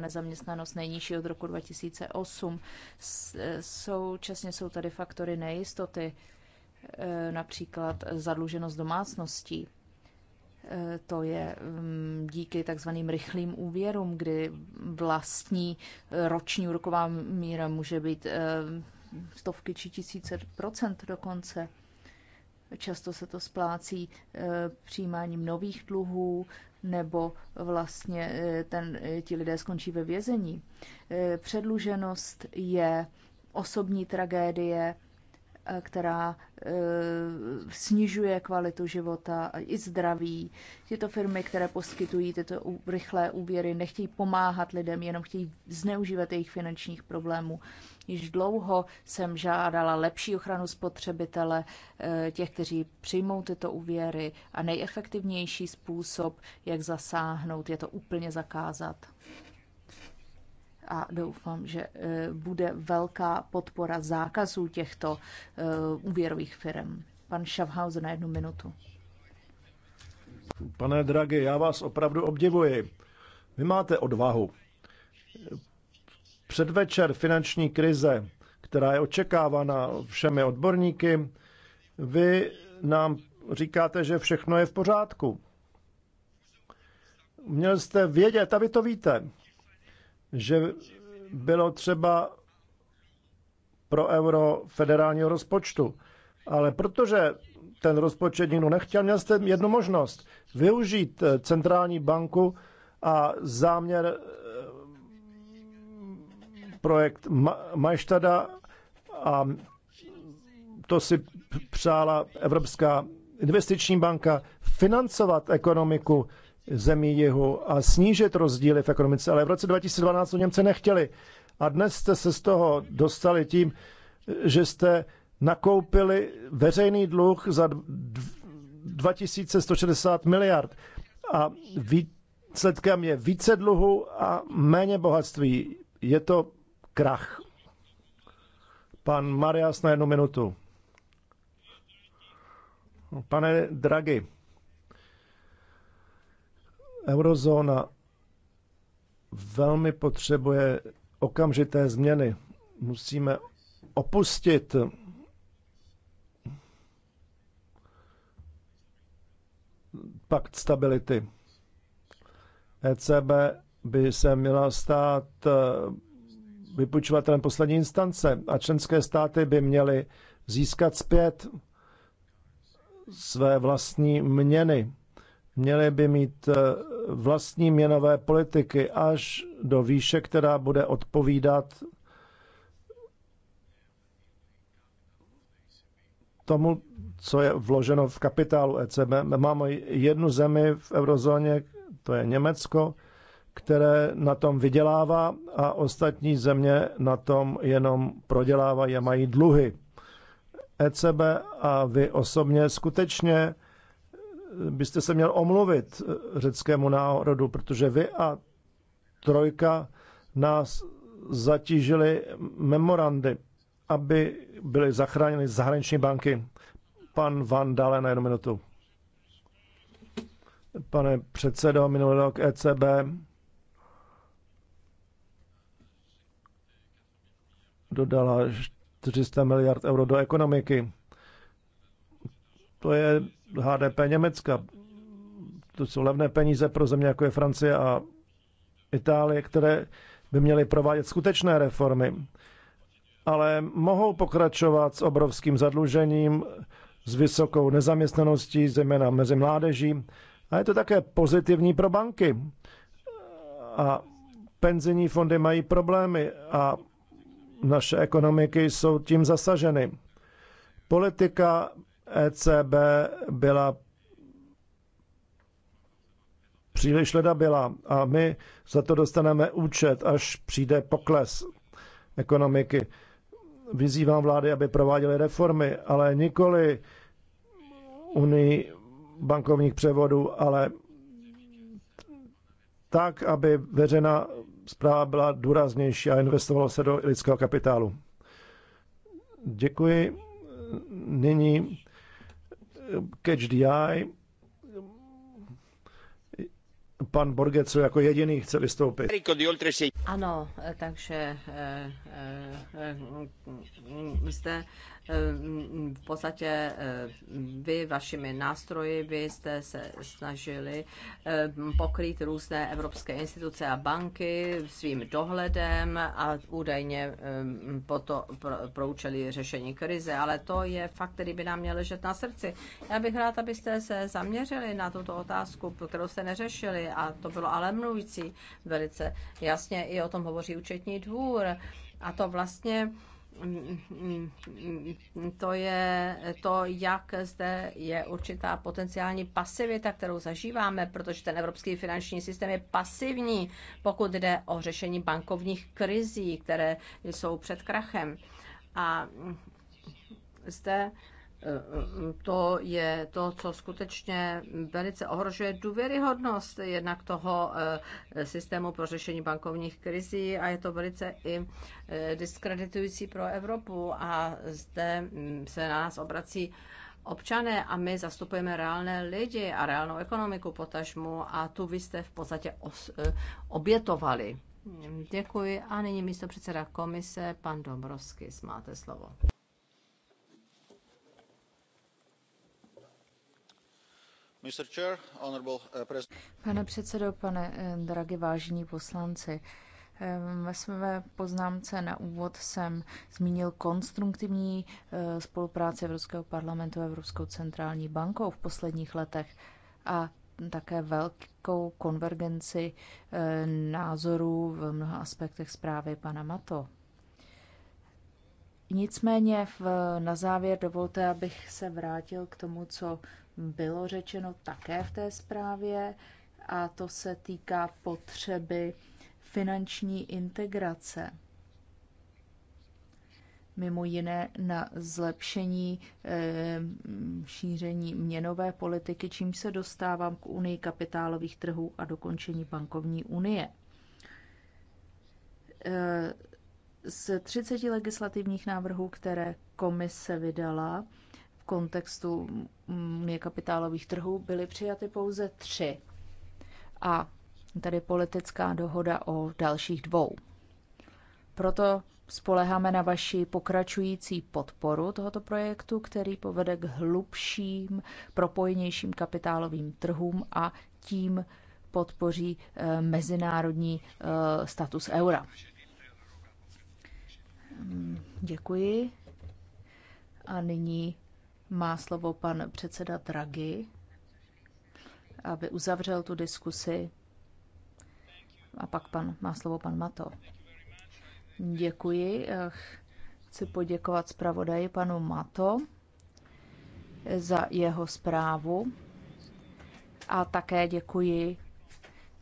nezaměstnanost nejnižší od roku 2008. Současně jsou tady faktory nejistoty, e, například zadluženost domácností. E, to je mm, díky takzvaným rychlým úvěrům, kdy vlastní roční úroková míra může být e, stovky či tisíce procent dokonce. Často se to splácí přijímáním nových dluhů, nebo vlastně eh, ten, eh, ti lidé skončí ve vězení. Eh, předluženost je osobní tragédie, která snižuje kvalitu života i zdraví. Tyto firmy, které poskytují tyto rychlé úvěry, nechtějí pomáhat lidem, jenom chtějí zneužívat jejich finančních problémů Již dlouho jsem žádala lepší ochranu spotřebitele, eh, těch, kteří přijmou tyto úvěry a nejefektivnější způsob, jak zasáhnout, je to úplně zakázat. A doufám, že eh, bude velká podpora zákazů těchto eh, úvěrových firm. Pan Schaffhauser na jednu minutu. Pane Dragi, já vás opravdu obdivuji. Vy máte odvahu předvečer finanční krize, která je očekávána všemi odborníky, vy nám říkáte, že všechno je v pořádku. Měl jste vědět, a vy to víte, že bylo třeba pro euro federálního rozpočtu. Ale protože ten rozpočet nikdo nechtěl, měl jste jednu možnost využít eh, centrální banku a záměr projekt Majštada a to si přála Evropská investiční banka financovat ekonomiku zemí jihu a snížit rozdíly v ekonomice, ale v roce 2012 to Němci nechtěli. A dnes jste se z toho dostali tím, že jste nakoupili veřejný dluh za 2160 miliard a výsledkem je více dluhu a méně bohatství. Je to krach. Pan Marias na jednu minutu. Pane Dragi, eurozóna velmi potřebuje okamžité změny. Musíme opustit pakt stability. ECB by se měla stát vypočovatelem poslední instance a členské státy by měly získat zpět své vlastní měny. Měly by mít eh, vlastní měnové politiky až do výše, která bude odpovídat tomu, co je vloženo v kapitálu ECB. Máme jednu zemi v eurozóně, to je Německo, které na tom vydělává a ostatní země na tom jenom prodělávají a mají dluhy. ECB a vy osobně skutečně byste se měl omluvit řeckému národu, protože vy a trojka nás zatížili memorandy, aby byly zachráněny zahraniční banky. Pan Van Dale na jednu minutu. Pane předsedo, minulý rok ECB dodala 400 miliard euro do ekonomiky. To je HDP Německa. To jsou levné peníze pro země, jako je Francie a Itálie, které by měly provádět skutečné reformy. Ale mohou pokračovat s obrovským zadlužením, s vysokou nezaměstnaností, zejména mezi mládeží. A je to také pozitivní pro banky. A penzijní fondy mají problémy a naše ekonomiky jsou tím zasaženy. Politika ECB byla příliš leda, byla a my za to dostaneme účet, až přijde pokles ekonomiky. Vyzývám vlády, aby prováděly reformy, ale nikoli unii bankovních převodů, ale tak, aby veřejná zpráva byla důraznější a investovalo se do lidského kapitálu. Děkuji. Nyní eh, Catch the Eye. Pan Borgeco jako jediný chce vystoupit. Ano, eh, takže zde eh, Eh, v podstatě eh, vy vašimi nástroji, vy jste se snažili eh, pokrýt různé evropské instituce a banky svým dohledem a údajně proto proučeli řešení krize, ale to je fakt, který by nám měl ležet na srdci. Já bych rád, abyste se zaměřili na tuto otázku, kterou jste neřešili a to bylo ale mluvící velice jasně. I o tom hovoří účetní dvůr a to vlastně to je to, jak zde je určitá potenciální pasivita, kterou zažíváme, protože ten evropský finanční systém je pasivní, pokud jde o řešení bankovních krizí, které jsou před krachem. A zde to je to, co skutečně velice ohrožuje důvěryhodnost jednak toho eh, systému pro řešení bankovních krizí a je to velice i eh, diskreditující pro Evropu a zde hm, se na nás obrací občané a my zastupujeme reálné lidi a reálnou ekonomiku potažmu a tu vy jste v podstatě os, eh, obětovali. Děkuji a nyní místo předseda komise, pan Dobrovský, máte slovo. Eh, pane předsedo, pane eh, Dragi, vážení poslanci, eh, ve své poznámce na úvod jsem zmínil konstruktivní spolupráci Evropského parlamentu a Evropskou centrální bankou v posledních letech a také velkou konvergenci názorů v mnoha aspektech zprávy pana Mato. Nicméně v, na závěr dovolte, abych se vrátil k tomu, co bylo řečeno také v té zprávě a to se týká potřeby finanční integrace. Mimo jiné na zlepšení e, šíření měnové politiky, čím se dostávám k unii kapitálových trhů a dokončení bankovní unie. E, z 30 legislativních návrhů, které komise vydala, kontextu unie kapitálových trhů byly přijaty pouze tři a tady politická dohoda o dalších dvou. Proto spoleháme na vaši pokračující podporu tohoto projektu, který povede k hlubším, propojenějším kapitálovým trhům a tím podpoří eh, mezinárodní eh, status eura. Hm, děkuji. A nyní má slovo pan předseda Draghi, aby uzavřel tu diskusi. A pak pan, má slovo pan Mato. Děkuji. Chci poděkovat zpravodaji panu Mato za jeho zprávu a také děkuji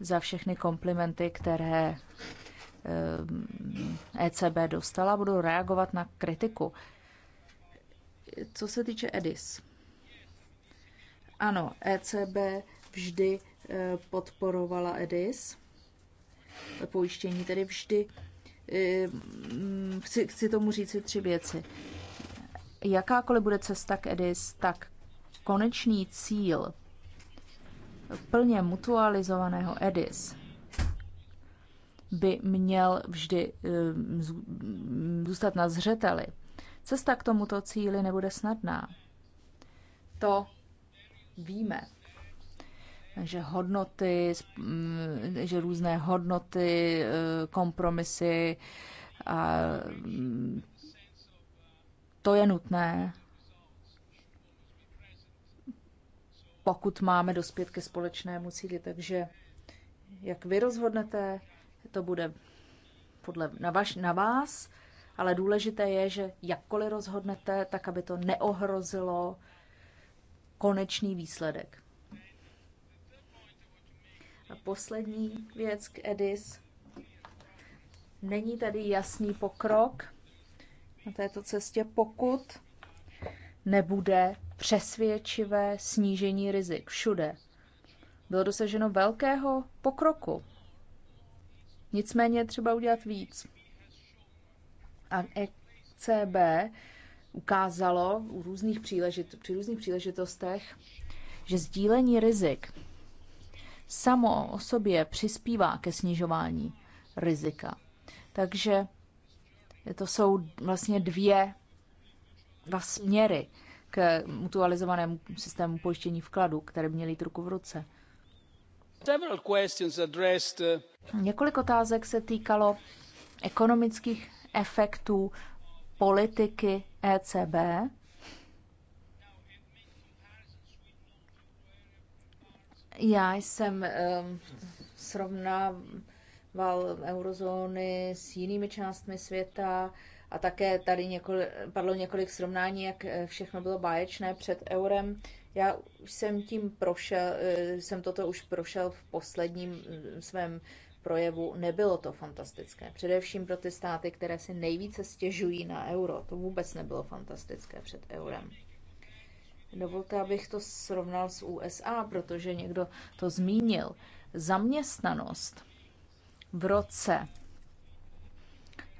za všechny komplimenty, které eh, ECB dostala. Budu reagovat na kritiku. Co se týče EDIS. Ano, ECB vždy e, podporovala EDIS. Pojištění tedy vždy. E, chci, chci tomu říct tři věci. Jakákoliv bude cesta k EDIS, tak konečný cíl plně mutualizovaného EDIS by měl vždy e, zůstat na zřeteli. Cesta k tomuto cíli nebude snadná. To víme. Že hodnoty, že různé hodnoty, kompromisy, a to je nutné, pokud máme dospět ke společnému cíli. Takže jak vy rozhodnete, to bude podle, na, vaš, na vás, ale důležité je, že jakkoliv rozhodnete, tak aby to neohrozilo konečný výsledek. A poslední věc k EDIS. Není tady jasný pokrok na této cestě, pokud nebude přesvědčivé snížení rizik všude. Bylo dosaženo velkého pokroku. Nicméně třeba udělat víc. A ECB ukázalo u různých příležit, při různých příležitostech, že sdílení rizik samo o sobě přispívá ke snižování rizika. Takže to jsou vlastně dvě dva směry k mutualizovanému systému pojištění vkladu, které měly ruku v ruce. Uh, Několik otázek se týkalo ekonomických efektů politiky ECB. Já jsem um, srovnával eurozóny s jinými částmi světa a také tady několik, padlo několik srovnání, jak eh, všechno bylo báječné před eurem. Já jsem tím prošel, eh, jsem toto už prošel v posledním eh, svém projevu nebylo to fantastické. Především pro ty státy, které si nejvíce stěžují na euro. To vůbec nebylo fantastické před eurem. Dovolte, abych to srovnal s USA, protože někdo to zmínil. Zaměstnanost v roce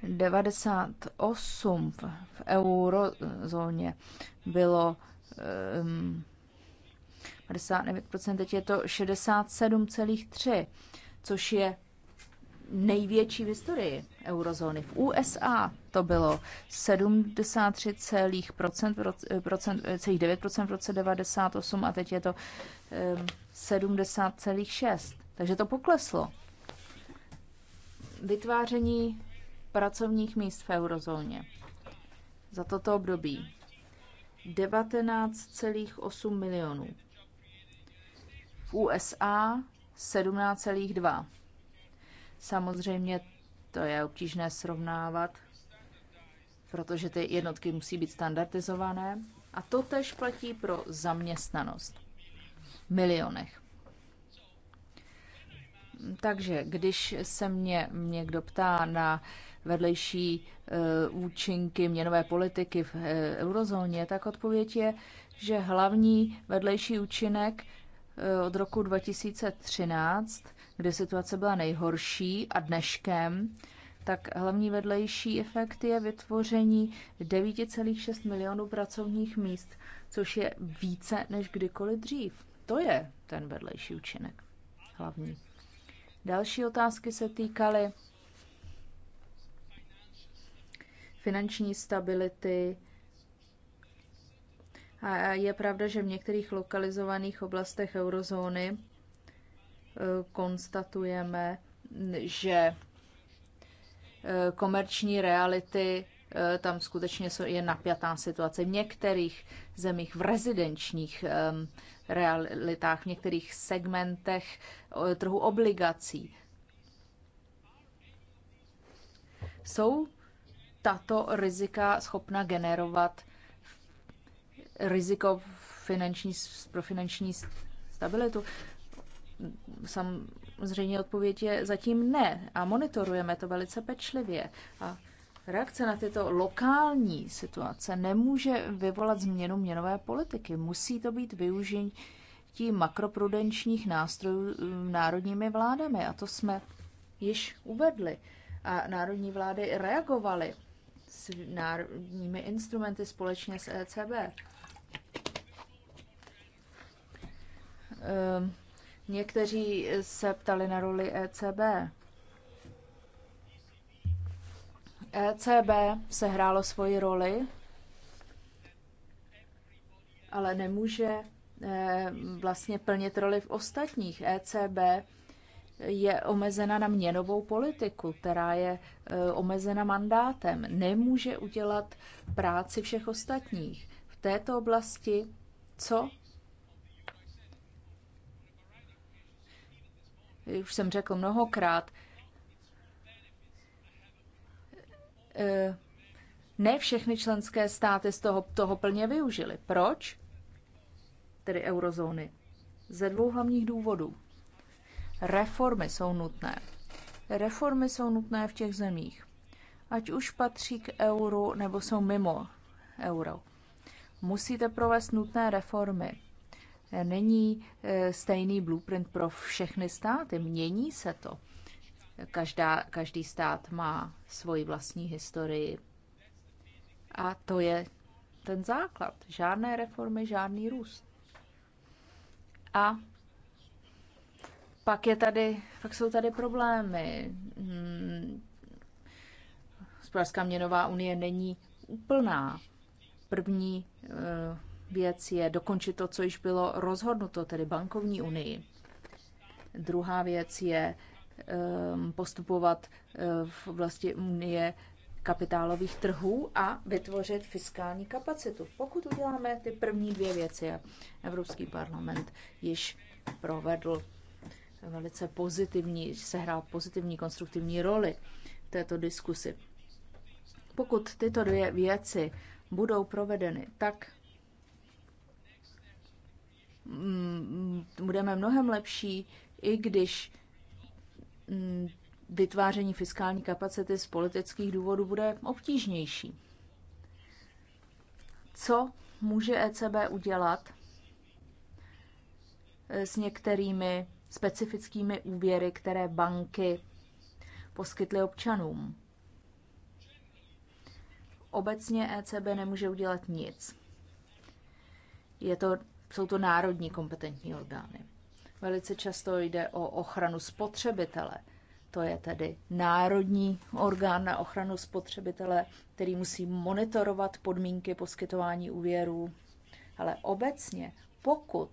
98 v, v eurozóně bylo um, ehm, 59%, teď je to 67,3%, což je největší v historii eurozóny. V USA to bylo 73,9% v roce 98 eh, eh, a teď je to 70,6%. Ehm, Takže to pokleslo. Vytváření pracovních míst v eurozóně za toto období 19,8 milionů. V USA 17,2 Samozřejmě to je obtížné srovnávat, protože ty jednotky musí být standardizované. A to tež platí pro zaměstnanost v milionech. Takže když se mě někdo ptá na vedlejší e, účinky měnové politiky v e, eurozóně, tak odpověď je, že hlavní vedlejší účinek e, od roku 2013 kdy situace byla nejhorší a dneškem, tak hlavní vedlejší efekt je vytvoření 9,6 milionů pracovních míst, což je více než kdykoliv dřív. To je ten vedlejší účinek hlavní. Další otázky se týkaly finanční stability. A je pravda, že v některých lokalizovaných oblastech eurozóny konstatujeme, že eh, komerční reality, eh, tam skutečně je napjatá situace. V některých zemích, v rezidenčních eh, realitách, v některých segmentech trhu obligací. Jsou tato rizika schopna generovat riziko finanční, pro finanční stabilitu? Samozřejmě odpověď je zatím ne a monitorujeme to velice pečlivě. A reakce na tyto lokální situace nemůže vyvolat změnu měnové politiky. Musí to být využití makroprudenčních nástrojů mm, národními vládami a to jsme již uvedli. A národní vlády reagovaly s národními instrumenty společně s ECB. Ehm, Někteří se ptali na roli ECB. ECB se hrálo svoji roli, ale nemůže eh, vlastně plnit roli v ostatních. ECB je omezena na měnovou politiku, která je eh, omezena mandátem. Nemůže udělat práci všech ostatních. V této oblasti, co už jsem řekl mnohokrát, e, ne všechny členské státy z toho, toho plně využily. Proč? Tedy eurozóny. Ze dvou hlavních důvodů. Reformy jsou nutné. Reformy jsou nutné v těch zemích. Ať už patří k euru nebo jsou mimo euro. Musíte provést nutné reformy není e, stejný blueprint pro všechny státy. Mění se to. Každá, každý stát má svoji vlastní historii. A to je ten základ. Žádné reformy, žádný růst. A pak je tady, pak jsou tady problémy. Hmm. Hospodářská měnová unie není úplná. První e, věc je dokončit to, co již bylo rozhodnuto, tedy bankovní unii. Druhá věc je ehm, postupovat eh, v oblasti unie kapitálových trhů a vytvořit fiskální kapacitu. Pokud uděláme ty první dvě věci, Evropský parlament již provedl velice pozitivní, sehrál pozitivní konstruktivní roli této diskusi. Pokud tyto dvě věci budou provedeny, tak Mm, budeme mnohem lepší, i když mm, vytváření fiskální kapacity z politických důvodů bude obtížnější. Co může ECB udělat eh, s některými specifickými úvěry, které banky poskytly občanům? Obecně ECB nemůže udělat nic. Je to jsou to národní kompetentní orgány. Velice často jde o ochranu spotřebitele. To je tedy národní orgán na ochranu spotřebitele, který musí monitorovat podmínky poskytování úvěrů. Ale obecně, pokud,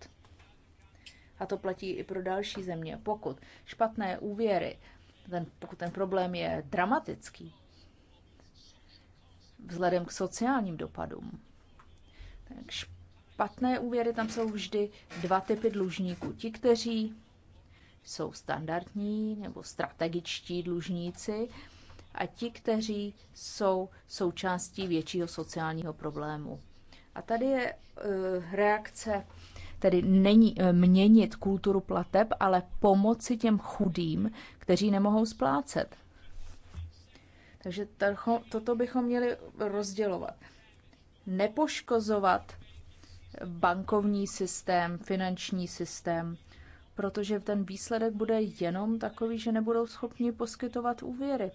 a to platí i pro další země, pokud špatné úvěry, ten, pokud ten problém je dramatický, vzhledem k sociálním dopadům, tak špatné úvěry, tam jsou vždy dva typy dlužníků. Ti, kteří jsou standardní nebo strategičtí dlužníci a ti, kteří jsou součástí většího sociálního problému. A tady je uh, reakce, tedy není uh, měnit kulturu plateb, ale pomoci těm chudým, kteří nemohou splácet. Takže toto bychom měli rozdělovat. Nepoškozovat bankovní systém, finanční systém, protože ten výsledek bude jenom takový, že nebudou schopni poskytovat úvěry.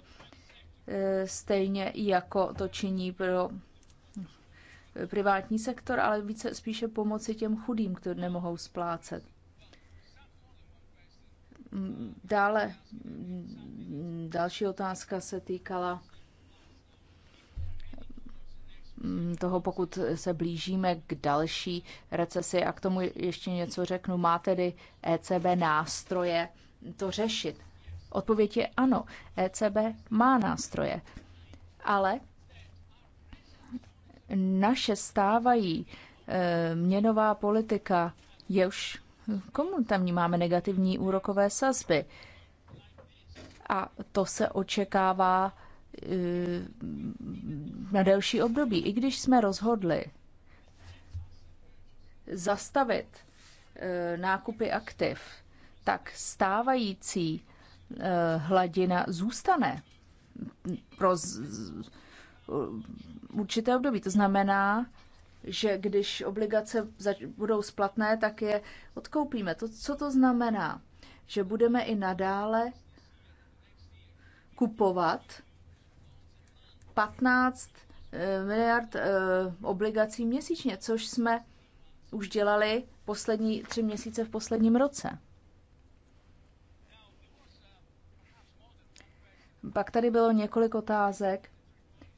E, stejně jako to činí pro privátní sektor, ale více spíše pomoci těm chudým, kteří nemohou splácet. Dále další otázka se týkala Mm, toho, pokud se blížíme k další recesi. A k tomu ještě něco řeknu. Má tedy ECB nástroje to řešit? Odpověď je ano. ECB má nástroje. Ale naše stávají e, měnová politika je už komu tam máme negativní úrokové sazby. A to se očekává Eh, na delší období. I když jsme rozhodli zastavit eh, nákupy aktiv, tak stávající eh, hladina zůstane pro určité období. To znamená, že když obligace budou splatné, tak je odkoupíme. To, co to znamená? Že budeme i nadále kupovat 15 eh, miliard eh, obligací měsíčně, což jsme už dělali poslední tři měsíce v posledním roce. Pak tady bylo několik otázek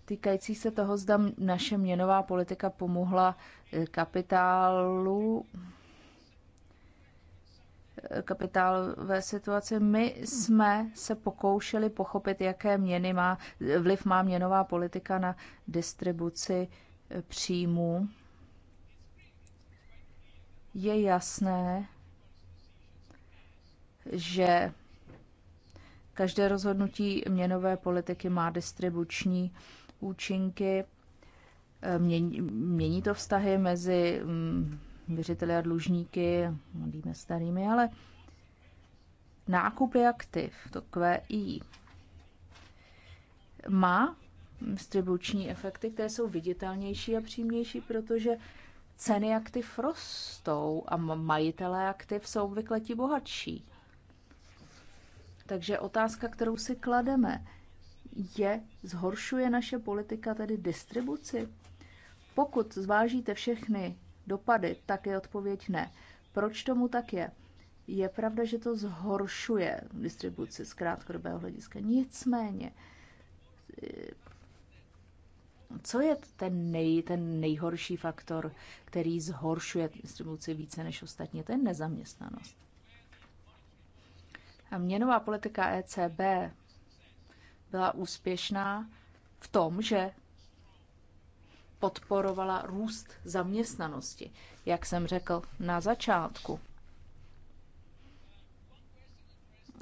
týkající se toho, zda naše měnová politika pomohla eh, kapitálu kapitálové situaci. My jsme se pokoušeli pochopit, jaké měny má, vliv má měnová politika na distribuci eh, příjmů. Je jasné, že každé rozhodnutí měnové politiky má distribuční účinky, eh, mění, mění to vztahy mezi mm, věřiteli a dlužníky, mladými starými, ale nákupy aktiv, to QI, má distribuční efekty, které jsou viditelnější a přímější, protože ceny aktiv rostou a majitelé aktiv jsou obvykle ti bohatší. Takže otázka, kterou si klademe, je, zhoršuje naše politika tedy distribuci? Pokud zvážíte všechny dopady, tak je odpověď ne. Proč tomu tak je? Je pravda, že to zhoršuje distribuci z krátkodobého hlediska. Nicméně, co je ten, nej, ten nejhorší faktor, který zhoršuje distribuci více než ostatně? To je nezaměstnanost. A měnová politika ECB byla úspěšná v tom, že podporovala růst zaměstnanosti, jak jsem řekl na začátku.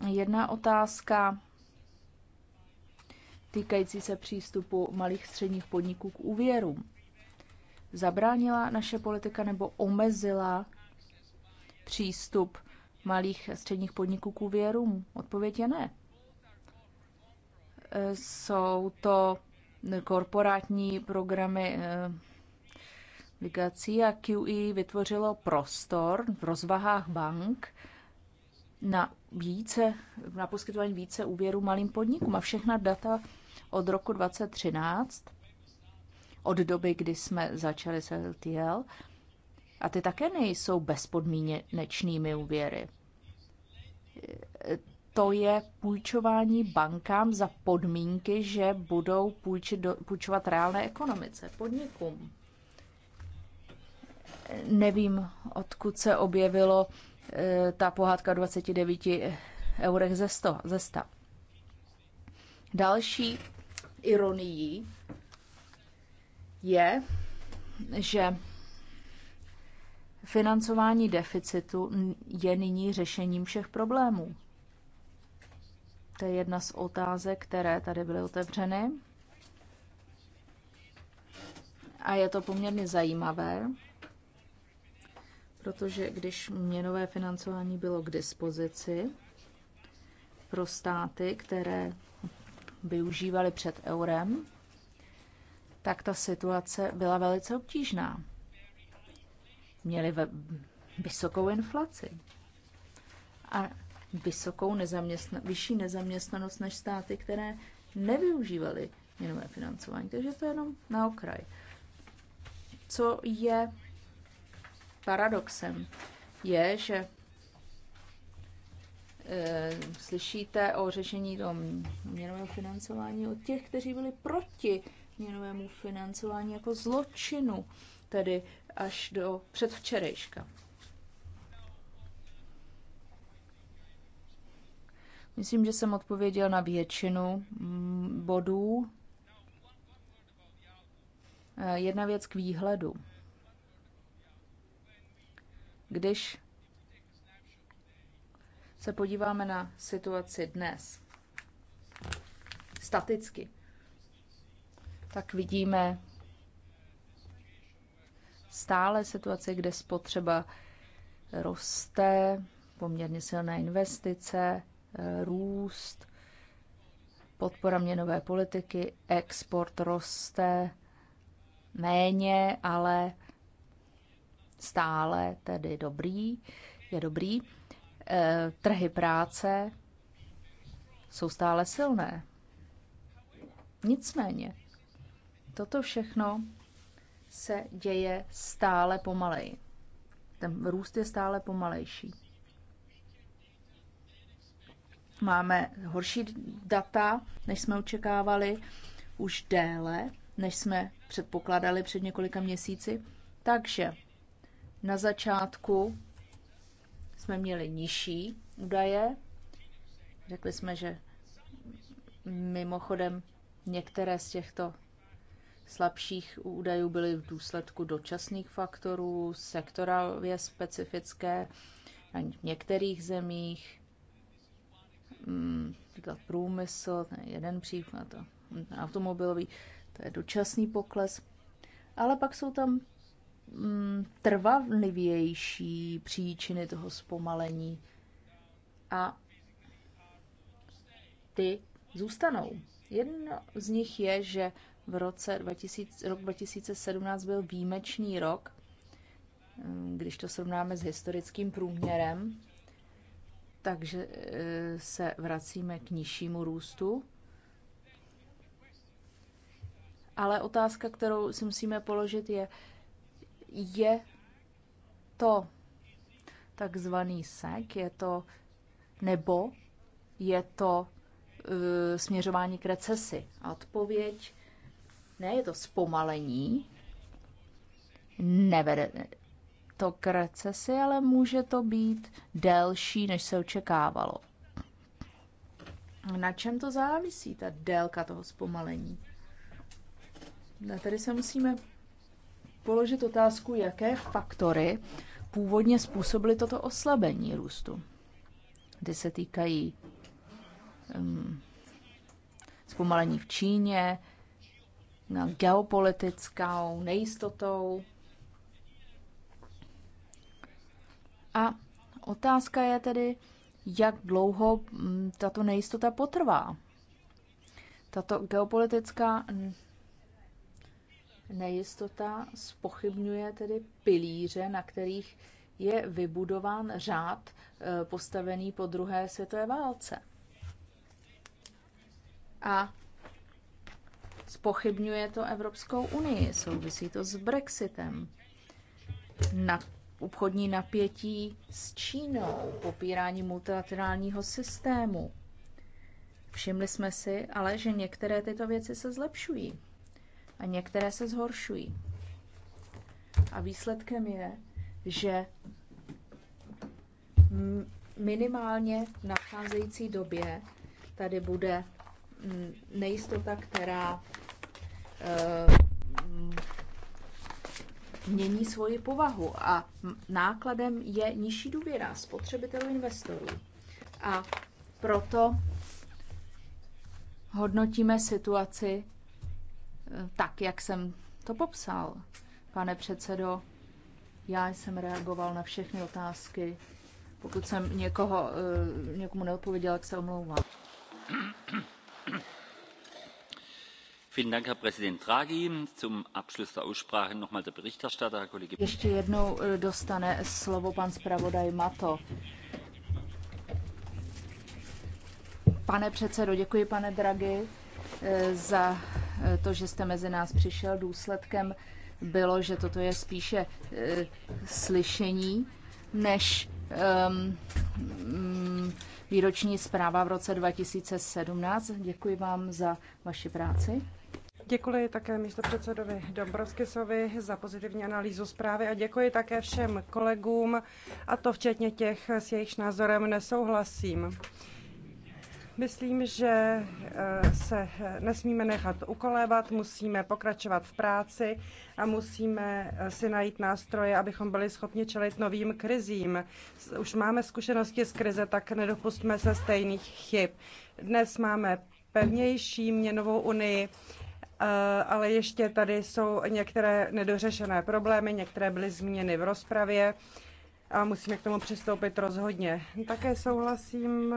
Jedna otázka týkající se přístupu malých středních podniků k úvěrům. Zabránila naše politika nebo omezila přístup malých středních podniků k úvěrům? Odpověď je ne. Jsou to korporátní programy ligací eh, a QE vytvořilo prostor v rozvahách bank na, více, na poskytování více úvěru malým podnikům. A všechna data od roku 2013, od doby, kdy jsme začali s LTL, a ty také nejsou bezpodmínečnými úvěry to je půjčování bankám za podmínky, že budou půjčit do, půjčovat reálné ekonomice, podnikům. Nevím, odkud se objevilo e, ta pohádka 29 eurech ze, 100, ze 100. Další ironií je, že financování deficitu je nyní řešením všech problémů. To je jedna z otázek, které tady byly otevřeny. A je to poměrně zajímavé, protože když měnové financování bylo k dispozici pro státy, které využívaly před eurem, tak ta situace byla velice obtížná. Měli vysokou inflaci. A vysokou nezaměstna, vyšší nezaměstnanost než státy, které nevyužívaly měnové financování. Takže to je jenom na okraj. Co je paradoxem, je, že e, slyšíte o řešení toho měnového financování od těch, kteří byli proti měnovému financování jako zločinu, tedy až do předvčerejška. Myslím, že jsem odpověděl na většinu mm, bodů. Eh, jedna věc k výhledu. Když se podíváme na situaci dnes, staticky, tak vidíme stále situaci, kde spotřeba roste, poměrně silné investice, růst, podpora měnové politiky, export roste méně, ale stále tedy dobrý, je dobrý. E, trhy práce jsou stále silné. Nicméně, toto všechno se děje stále pomaleji. Ten růst je stále pomalejší máme horší data, než jsme očekávali, už déle, než jsme předpokládali před několika měsíci. Takže na začátku jsme měli nižší údaje. Řekli jsme, že mimochodem některé z těchto slabších údajů byly v důsledku dočasných faktorů, sektorově specifické, v některých zemích Mm, například průmysl, ten je jeden příklad, ten automobilový, to je dočasný pokles, ale pak jsou tam mm, trvavlivější příčiny toho zpomalení a ty zůstanou. Jedno z nich je, že v roce 2000, rok 2017 byl výjimečný rok, mm, když to srovnáme s historickým průměrem, takže e, se vracíme k nižšímu růstu. Ale otázka, kterou si musíme položit, je, je to takzvaný sek, je to nebo je to uh, směřování k recesi. A odpověď ne, je to zpomalení, nevede to k recesi, ale může to být delší, než se očekávalo. Na čem to závisí, ta délka toho zpomalení? A tady se musíme položit otázku, jaké faktory původně způsobily toto oslabení růstu. kdy se týkají um, zpomalení v Číně, geopolitickou nejistotou, A otázka je tedy, jak dlouho mm, tato nejistota potrvá. Tato geopolitická nejistota spochybňuje tedy pilíře, na kterých je vybudován řád eh, postavený po druhé světové válce. A spochybňuje to Evropskou unii, souvisí to s Brexitem. Na obchodní napětí s Čínou, popírání multilaterálního systému. Všimli jsme si ale, že některé tyto věci se zlepšují a některé se zhoršují. A výsledkem je, že minimálně v nadcházející době tady bude nejistota, která eh, mění svoji povahu a nákladem je nižší důvěra spotřebitelů investorů. A proto hodnotíme situaci eh, tak, jak jsem to popsal. Pane předsedo, já jsem reagoval na všechny otázky. Pokud jsem někoho, eh, někomu neodpověděl, tak se omlouvám. Ještě jednou eh, dostane slovo pan zpravodaj Mato. Pane předsedo, děkuji pane Draghi eh, za eh, to, že jste mezi nás přišel. Důsledkem bylo, že toto je spíše slyšení než ehm, mm, výroční zpráva v roce 2017. Děkuji vám za vaši práci. Děkuji také místopředsedovi Dombrovskisovi za pozitivní analýzu zprávy a děkuji také všem kolegům, a to včetně těch, s jejichž názorem nesouhlasím. Myslím, že eh, se nesmíme nechat ukolévat, musíme pokračovat v práci a musíme eh, si najít nástroje, abychom byli schopni čelit novým krizím. Už máme zkušenosti z krize, tak nedopustme se stejných chyb. Dnes máme pevnější měnovou unii, Eh, ale ještě tady jsou některé nedořešené problémy, některé byly zmíněny v rozpravě a musíme k tomu přistoupit rozhodně. Také souhlasím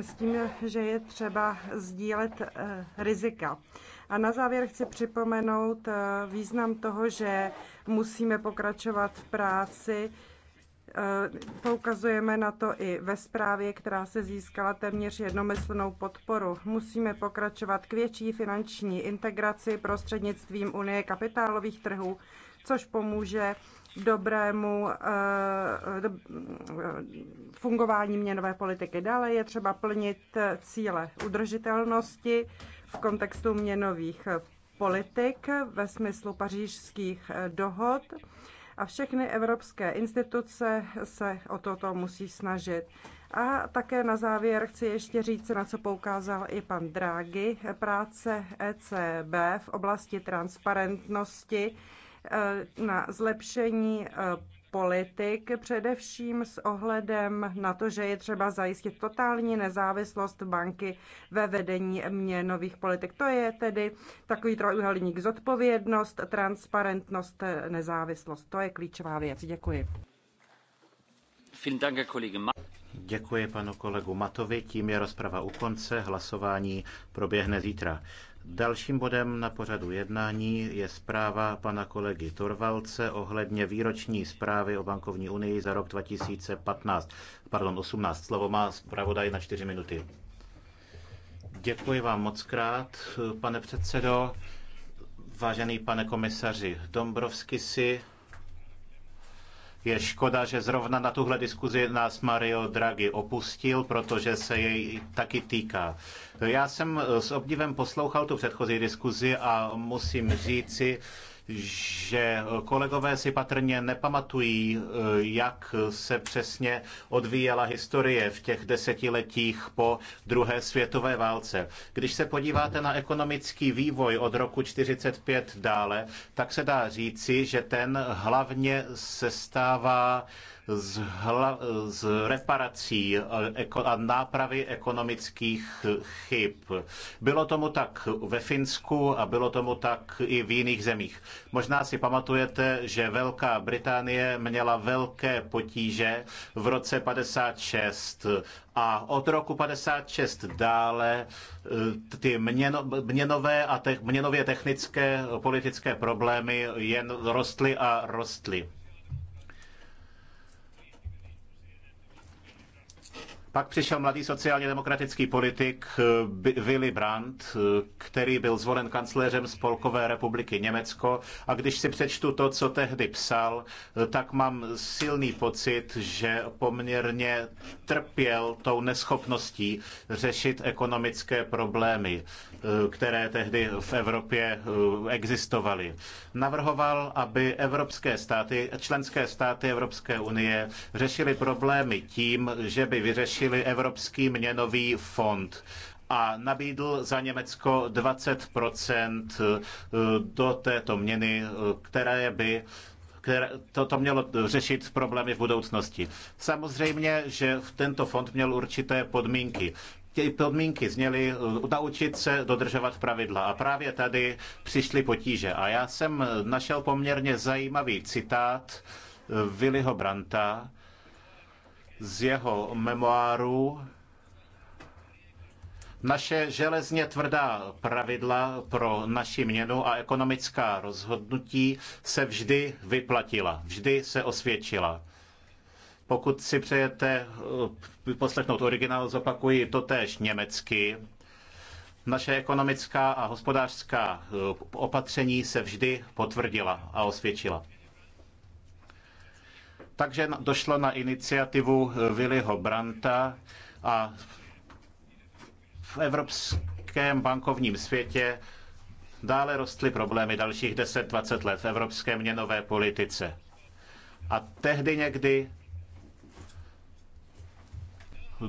s tím, že je třeba sdílet eh, rizika. A na závěr chci připomenout eh, význam toho, že musíme pokračovat v práci, Eh, poukazujeme na to i ve zprávě, která se získala téměř jednomyslnou podporu. Musíme pokračovat k větší finanční integraci prostřednictvím Unie kapitálových trhů, což pomůže dobrému eh, eh, fungování měnové politiky. Dále je třeba plnit cíle udržitelnosti v kontextu měnových politik ve smyslu pařížských dohod a všechny evropské instituce se o toto musí snažit. A také na závěr chci ještě říct, na co poukázal i pan Drágy, práce ECB v oblasti transparentnosti eh, na zlepšení eh, politik, především s ohledem na to, že je třeba zajistit totální nezávislost banky ve vedení měnových politik. To je tedy takový trojuhelník zodpovědnost, transparentnost, nezávislost. To je klíčová věc. Děkuji. Děkuji panu kolegu Matovi, tím je rozprava u konce, hlasování proběhne zítra. Dalším bodem na pořadu jednání je zpráva pana kolegy Torvalce ohledně výroční zprávy o bankovní unii za rok 2015, pardon 18. Slovo má zpravodaj na 4 minuty. Děkuji vám moc krát, pane předsedo, vážený pane komisaři Dombrovsky si, je škoda, že zrovna na tuhle diskuzi nás Mario Draghi opustil, protože se jej taky týká. Já jsem s obdivem poslouchal tu předchozí diskuzi a musím říci, že eh, kolegové si patrně nepamatují, eh, jak se přesně odvíjela historie v těch desetiletích po druhé světové válce. Když se podíváte na ekonomický vývoj od roku 45 dále, tak se dá říci, že ten hlavně se stává z, hla, z reparací a nápravy ekonomických chyb. Bylo tomu tak ve Finsku a bylo tomu tak i v jiných zemích. Možná si pamatujete, že Velká Británie měla velké potíže v roce 56 a od roku 56 dále eh, ty měno, měnové a te, měnově technické politické problémy jen rostly a rostly. Pak přišel mladý sociálně demokratický politik eh, Willy Brandt, eh, který byl zvolen kancléřem Spolkové republiky Německo. A když si přečtu to, co tehdy psal, eh, tak mám silný pocit, že poměrně trpěl tou neschopností řešit ekonomické problémy, které tehdy v Evropě existovaly. Navrhoval, aby evropské státy, členské státy Evropské unie řešily problémy tím, že by vyřešili čili Evropský měnový fond a nabídl za Německo 20 eh, do této měny, eh, které by které to, to mělo řešit problémy v budoucnosti. Samozřejmě, že tento fond měl určité podmínky ty podmínky zněly eh, naučit se dodržovat pravidla. A právě tady přišly potíže. A já jsem našel poměrně zajímavý citát Viliho Branta, z jeho memoáru naše železně tvrdá pravidla pro naši měnu a ekonomická rozhodnutí se vždy vyplatila, vždy se osvědčila. Pokud si přejete eh, poslechnout originál, zopakuji to též německy. Naše ekonomická a hospodářská eh, opatření se vždy potvrdila a osvědčila. Takže došlo na iniciativu Viliho eh, Branta a v evropském bankovním světě dále rostly problémy dalších 10-20 let v evropské měnové politice. A tehdy někdy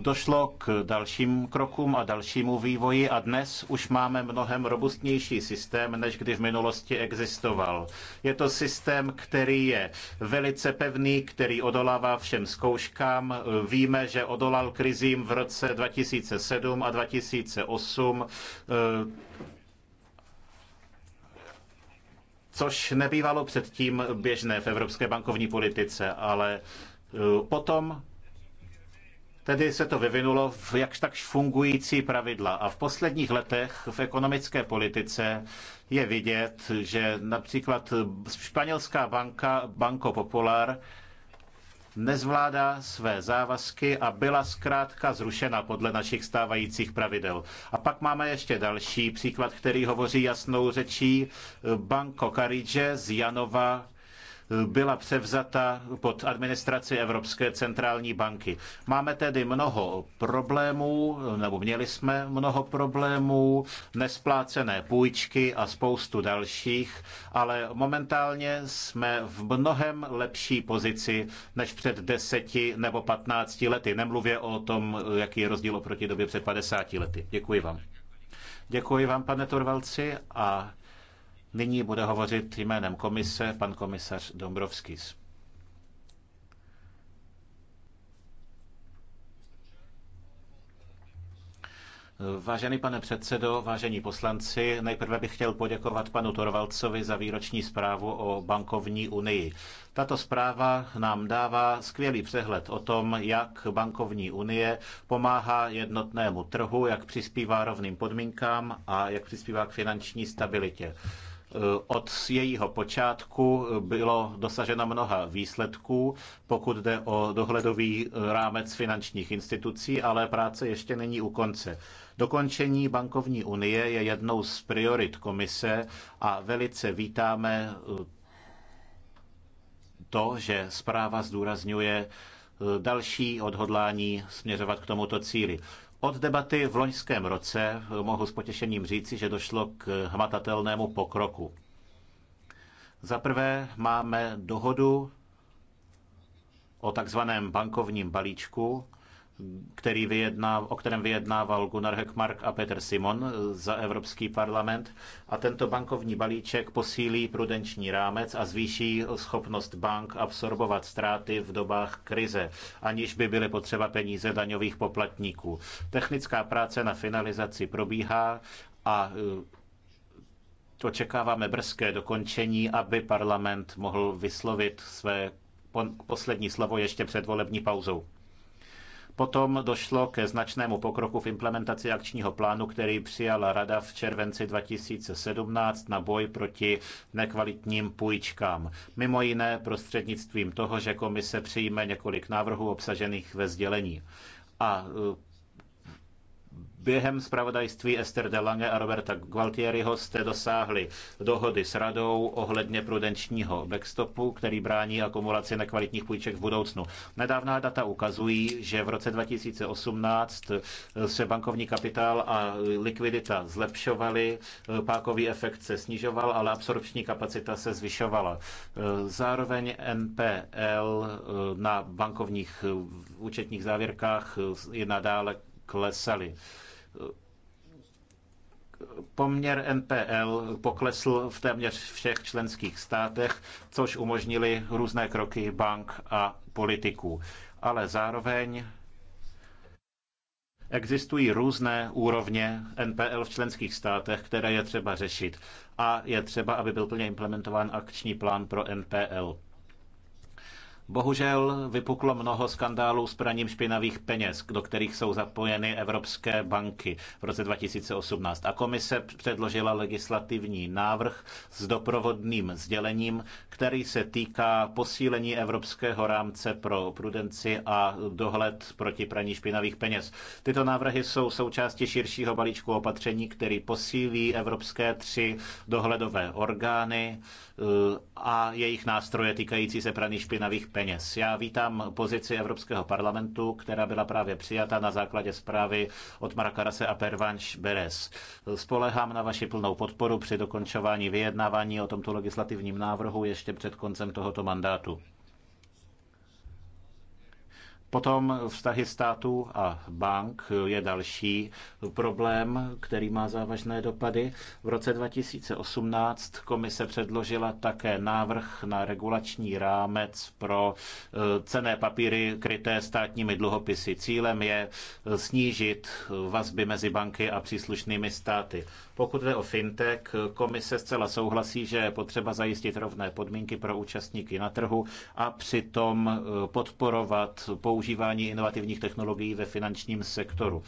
Došlo k dalším krokům a dalšímu vývoji a dnes už máme mnohem robustnější systém, než kdy v minulosti existoval. Je to systém, který je velice pevný, který odolává všem zkouškám. Víme, že odolal krizím v roce 2007 a 2008 eh, což nebývalo předtím běžné v evropské bankovní politice, ale eh, potom Tedy se to vyvinulo v jakž takž fungující pravidla. A v posledních letech v ekonomické politice je vidět, že například španělská banka Banco Popular nezvládá své závazky a byla zkrátka zrušena podle našich stávajících pravidel. A pak máme ještě další příklad, který hovoří jasnou řečí. Banko Carige z Janova byla převzata pod administraci Evropské centrální banky. Máme tedy mnoho problémů, nebo měli jsme mnoho problémů, nesplácené půjčky a spoustu dalších, ale momentálně jsme v mnohem lepší pozici než před deseti nebo patnácti lety. Nemluvě o tom, jaký je rozdíl oproti době před 50 lety. Děkuji vám. Děkuji vám, pane Torvalci, a Nyní bude hovořit jménem komise pan komisař Dombrovskis. Vážený pane předsedo, vážení poslanci, nejprve bych chtěl poděkovat panu Torvalcovi za výroční zprávu o bankovní unii. Tato zpráva nám dává skvělý přehled o tom, jak bankovní unie pomáhá jednotnému trhu, jak přispívá rovným podmínkám a jak přispívá k finanční stabilitě. Eh, od jejího počátku bylo dosaženo mnoha výsledků, pokud jde o dohledový eh, rámec finančních institucí, ale práce ještě není u konce. Dokončení bankovní unie je jednou z priorit komise a velice vítáme eh, to, že zpráva zdůrazňuje další odhodlání směřovat k tomuto cíli. Od debaty v loňském roce mohu s potěšením říci, že došlo k hmatatelnému pokroku. Za prvé máme dohodu o takzvaném bankovním balíčku, který vyjedná, o kterém vyjednával Gunnar Heckmark a Peter Simon za Evropský parlament. A tento bankovní balíček posílí prudenční rámec a zvýší schopnost bank absorbovat ztráty v dobách krize, aniž by byly potřeba peníze daňových poplatníků. Technická práce na finalizaci probíhá a e, očekáváme brzké dokončení, aby parlament mohl vyslovit své poslední slovo ještě před volební pauzou. Potom došlo ke značnému pokroku v implementaci akčního plánu, který přijala Rada v červenci 2017 na boj proti nekvalitním půjčkám. Mimo jiné prostřednictvím toho, že komise přijme několik návrhů obsažených ve sdělení. A Během zpravodajství Ester Lange a Roberta Gualtieriho jste dosáhli dohody s radou ohledně prudenčního backstopu, který brání akumulaci nekvalitních půjček v budoucnu. Nedávná data ukazují, že v roce 2018 se bankovní kapitál a likvidita zlepšovaly, pákový efekt se snižoval, ale absorpční kapacita se zvyšovala. Zároveň NPL na bankovních účetních závěrkách i nadále klesaly poměr NPL poklesl v téměř všech členských státech, což umožnili různé kroky bank a politiků. Ale zároveň existují různé úrovně NPL v členských státech, které je třeba řešit. A je třeba, aby byl plně implementován akční plán pro NPL. Bohužel vypuklo mnoho skandálů s praním špinavých peněz, do kterých jsou zapojeny evropské banky v roce 2018. A komise předložila legislativní návrh s doprovodným sdělením, který se týká posílení evropského rámce pro prudenci a dohled proti praní špinavých peněz. Tyto návrhy jsou součástí širšího balíčku opatření, který posílí evropské tři dohledové orgány eh, a jejich nástroje týkající se praní špinavých peněz peněz. Já vítám pozici Evropského parlamentu, která byla právě přijata na základě zprávy od Marakarase a Pervanš Beres. Spolehám na vaši plnou podporu při dokončování vyjednávání o tomto legislativním návrhu ještě před koncem tohoto mandátu. Potom vztahy států a bank je další problém, který má závažné dopady. V roce 2018 komise předložila také návrh na regulační rámec pro eh, cené papíry kryté státními dluhopisy. Cílem je eh, snížit vazby mezi banky a příslušnými státy. Pokud jde o fintech, komise zcela souhlasí, že je potřeba zajistit rovné podmínky pro účastníky na trhu a přitom eh, podporovat použití využívání inovativních technologií ve finančním sektoru.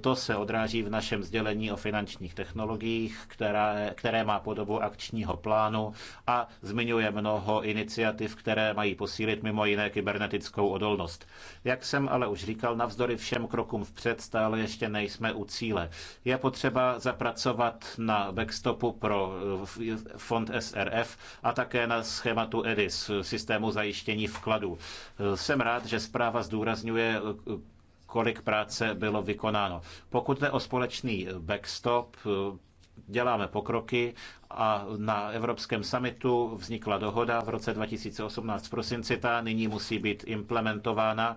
To se odráží v našem sdělení o finančních technologiích, která které má podobu akčního plánu a zmiňuje mnoho iniciativ, které mají posílit mimo jiné kybernetickou odolnost. Jak jsem ale už říkal, navzdory všem krokům vpřed stále ještě nejsme u cíle. Je potřeba zapracovat na backstopu pro eh, fond SRF a také na schématu EDIS, systému zajištění vkladů. Eh, jsem rád, že zpráva z zdůrazňuje, kolik práce bylo vykonáno. Pokud jde o společný backstop, děláme pokroky, a na Evropském summitu vznikla dohoda v roce 2018 v prosinci, ta nyní musí být implementována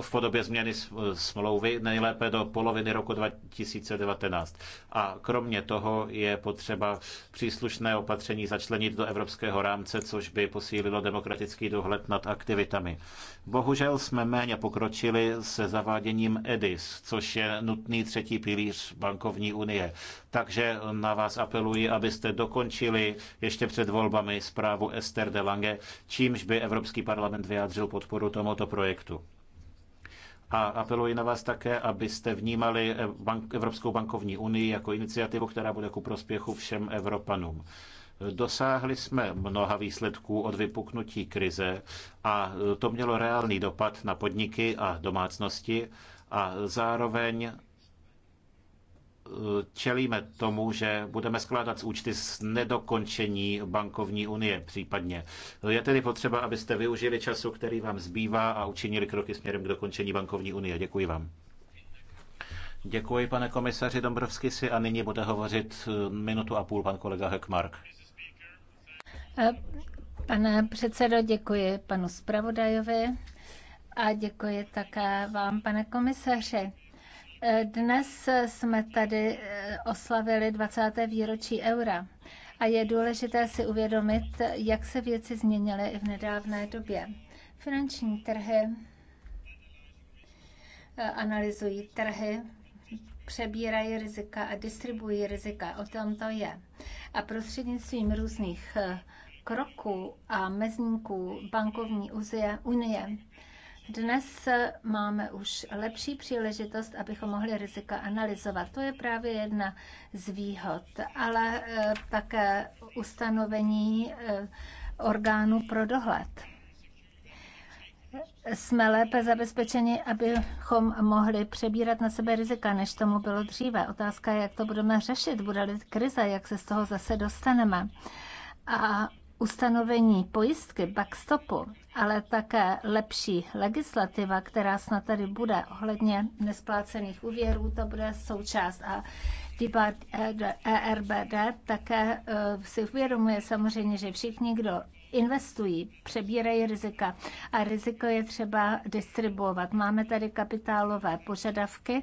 v podobě změny smlouvy nejlépe do poloviny roku 2019. A kromě toho je potřeba příslušné opatření začlenit do evropského rámce, což by posílilo demokratický dohled nad aktivitami. Bohužel jsme méně pokročili se zaváděním EDIS, což je nutný třetí pilíř bankovní unie. Takže na vás apeluji, abyste jste dokončili ještě před volbami zprávu Esther de Lange, čímž by Evropský parlament vyjádřil podporu tomuto projektu. A apeluji na vás také, abyste vnímali Evropskou bankovní unii jako iniciativu, která bude ku prospěchu všem Evropanům. Dosáhli jsme mnoha výsledků od vypuknutí krize a to mělo reálný dopad na podniky a domácnosti a zároveň čelíme tomu, že budeme skládat z účty s nedokončení bankovní unie případně. Je tedy potřeba, abyste využili času, který vám zbývá a učinili kroky směrem k dokončení bankovní unie. Děkuji vám. Děkuji, pane komisaři Dombrovsky si a nyní bude hovořit minutu a půl pan kolega Hekmark. Eh, pane předsedo, děkuji panu zpravodajovi a děkuji také vám, pane komisaři. Dnes jsme tady eh, oslavili 20. výročí eura a je důležité si uvědomit, jak se věci změnily i v nedávné době. Finanční trhy eh, analyzují trhy, přebírají rizika a distribuují rizika. O tom to je. A prostřednictvím různých eh, kroků a mezníků bankovní unie dnes máme už lepší příležitost, abychom mohli rizika analyzovat. To je právě jedna z výhod, ale eh, také ustanovení eh, orgánů pro dohled jsme lépe zabezpečeni, abychom mohli přebírat na sebe rizika, než tomu bylo dříve. Otázka je, jak to budeme řešit, bude-li krize, jak se z toho zase dostaneme. A ustanovení pojistky, backstopu, ale také lepší legislativa, která snad tady bude ohledně nesplácených úvěrů, to bude součást. A ERBD e také eh, si uvědomuje samozřejmě, že všichni, kdo investují, přebírají rizika a riziko je třeba distribuovat. Máme tady kapitálové požadavky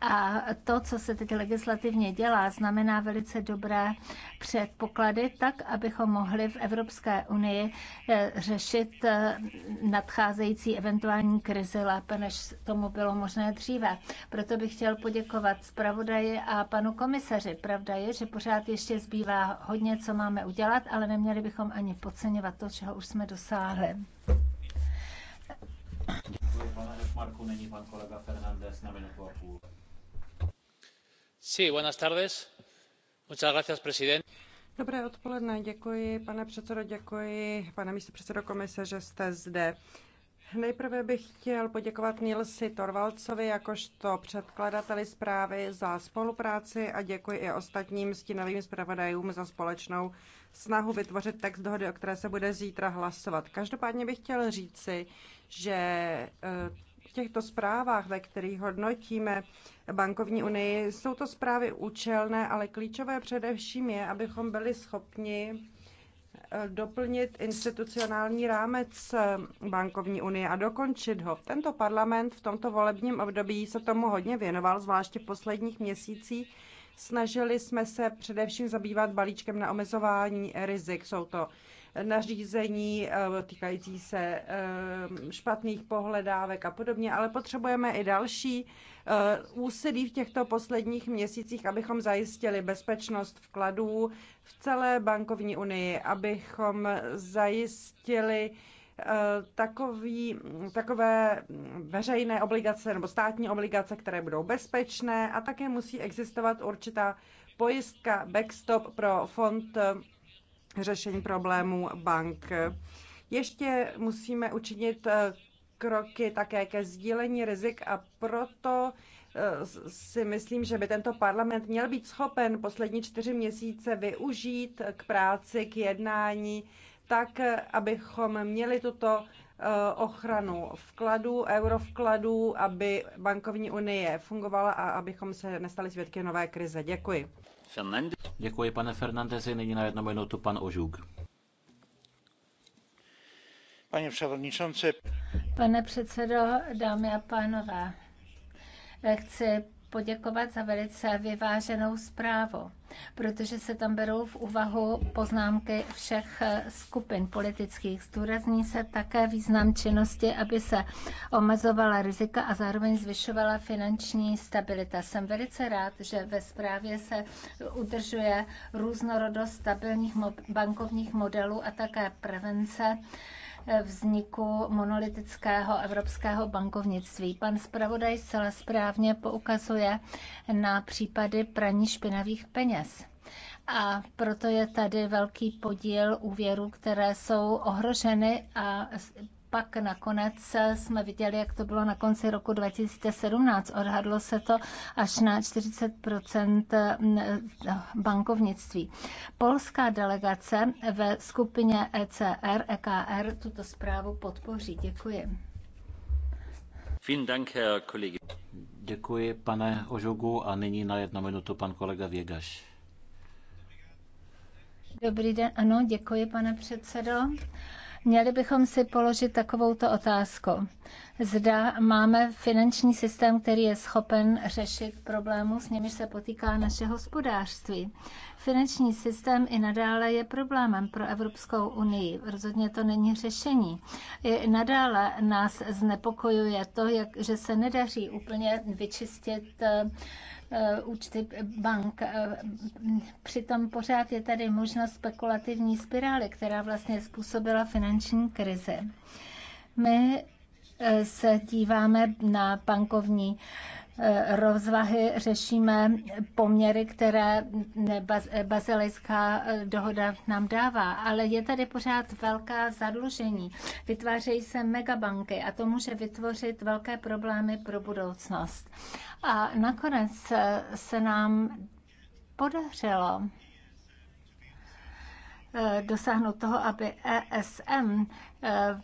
a to, co se teď legislativně dělá, znamená velice dobré předpoklady tak, abychom mohli v Evropské unii eh, řešit eh, nadcházející eventuální krizi lépe, než tomu bylo možné dříve. Proto bych chtěl poděkovat zpravodaji a panu komisaři. Pravda je, že pořád ještě zbývá hodně, co máme udělat, ale neměli bychom ani podceňovat to, čeho už jsme dosáhli. Děkuji, pane Marku, není pan kolega Fernandez na minutu a půl. Sí, buenas tardes Dobré odpoledne, děkuji, pane předsedo, děkuji, pane místopředsedo komise, že jste zde. Nejprve bych chtěl poděkovat Nilsi Torvalcovi jakožto předkladateli zprávy za spolupráci a děkuji i ostatním stínovým zpravodajům za společnou snahu vytvořit text dohody, o které se bude zítra hlasovat. Každopádně bych chtěl říci, že eh, těchto zprávách, ve kterých hodnotíme bankovní unii, jsou to zprávy účelné, ale klíčové především je, abychom byli schopni eh, doplnit institucionální rámec eh, bankovní unie a dokončit ho. Tento parlament v tomto volebním období se tomu hodně věnoval, zvláště v posledních měsících. Snažili jsme se především zabývat balíčkem na omezování rizik. Jsou to nařízení eh, týkající se eh, špatných pohledávek a podobně, ale potřebujeme i další eh, úsilí v těchto posledních měsících, abychom zajistili bezpečnost vkladů v celé bankovní unii, abychom zajistili takový, takové veřejné obligace nebo státní obligace, které budou bezpečné a také musí existovat určitá pojistka, backstop pro fond řešení problémů bank. Ještě musíme učinit eh, kroky také ke sdílení rizik a proto eh, si myslím, že by tento parlament měl být schopen poslední čtyři měsíce využít k práci, k jednání, tak, eh, abychom měli tuto ochranu vkladů, eurovkladů, aby bankovní unie fungovala a abychom se nestali svědky nové krize. Děkuji. Děkuji, pane Fernandezi. Nyní na jednu minutu pan Ožuk. Pane Pane předsedo, dámy a pánové, chci poděkovat za velice vyváženou zprávu, protože se tam berou v úvahu poznámky všech eh, skupin politických. Zdůrazní se také význam činnosti, aby se omezovala rizika a zároveň zvyšovala finanční stabilita. Jsem velice rád, že ve zprávě se udržuje různorodost stabilních bankovních modelů a také prevence vzniku monolitického evropského bankovnictví. Pan zpravodaj zcela správně poukazuje na případy praní špinavých peněz a proto je tady velký podíl úvěrů, které jsou ohroženy a pak nakonec jsme viděli, jak to bylo na konci roku 2017. Odhadlo se to až na 40 bankovnictví. Polská delegace ve skupině ECR, EKR tuto zprávu podpoří. Děkuji. Děkuji, pane Ožogu, a nyní na jednu minutu pan kolega Věgaš. Dobrý den, ano, děkuji, pane předsedo. Měli bychom si položit takovouto otázku. Zda máme finanční systém, který je schopen řešit problémů, s nimiž se potýká naše hospodářství. Finanční systém i nadále je problémem pro Evropskou unii. Rozhodně to není řešení. I nadále nás znepokojuje to, jak, že se nedaří úplně vyčistit eh, Eh, účty bank. Eh, přitom pořád je tady možnost spekulativní spirály, která vlastně způsobila finanční krizi. My eh, se díváme na bankovní Eh, rozvahy řešíme poměry, které bazilejská eh, dohoda nám dává, ale je tady pořád velká zadlužení. Vytvářejí se megabanky a to může vytvořit velké problémy pro budoucnost. A nakonec eh, se nám podařilo dosáhnout toho, aby ESM Eh,